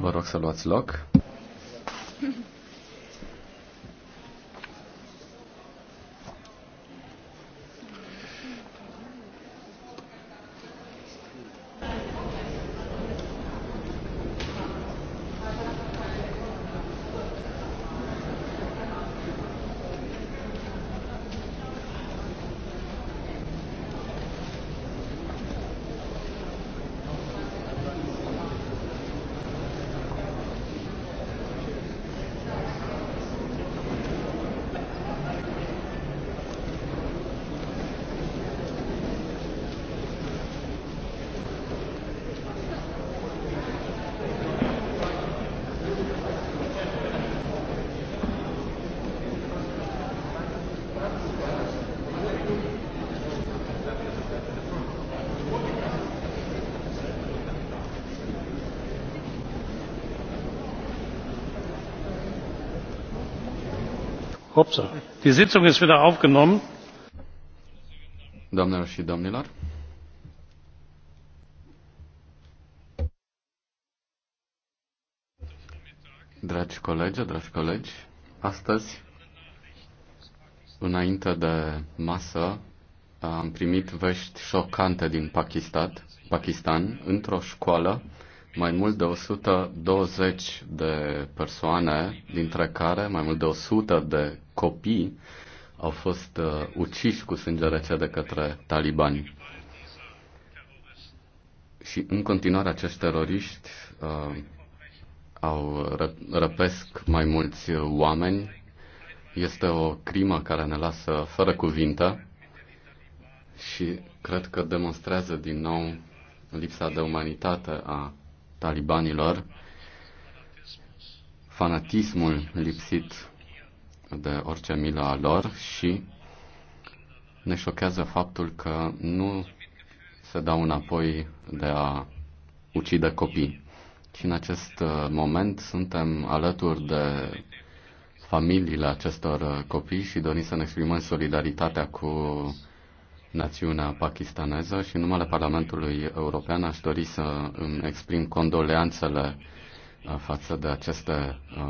Vă rog să luați loc. Doamnelor și domnilor, dragi colegi, dragi colegi, astăzi, înainte de masă, am primit vești șocante din Pakistan, Pakistan într-o școală mai mult de 120 de persoane, dintre care mai mult de 100 de copii au fost uh, uciși cu sânge rece de către talibani. Și în continuare acești teroriști uh, au răpesc mai mulți oameni. Este o crimă care ne lasă fără cuvinte și cred că demonstrează din nou lipsa de umanitate a talibanilor, fanatismul lipsit de orice milă a lor și ne șochează faptul că nu se dau înapoi de a ucide copii. Și în acest uh, moment suntem alături de familiile acestor uh, copii și dorim să ne exprimăm solidaritatea cu națiunea pakistaneză și în numele Parlamentului European aș dori să îmi exprim condoleanțele uh, față de aceste uh,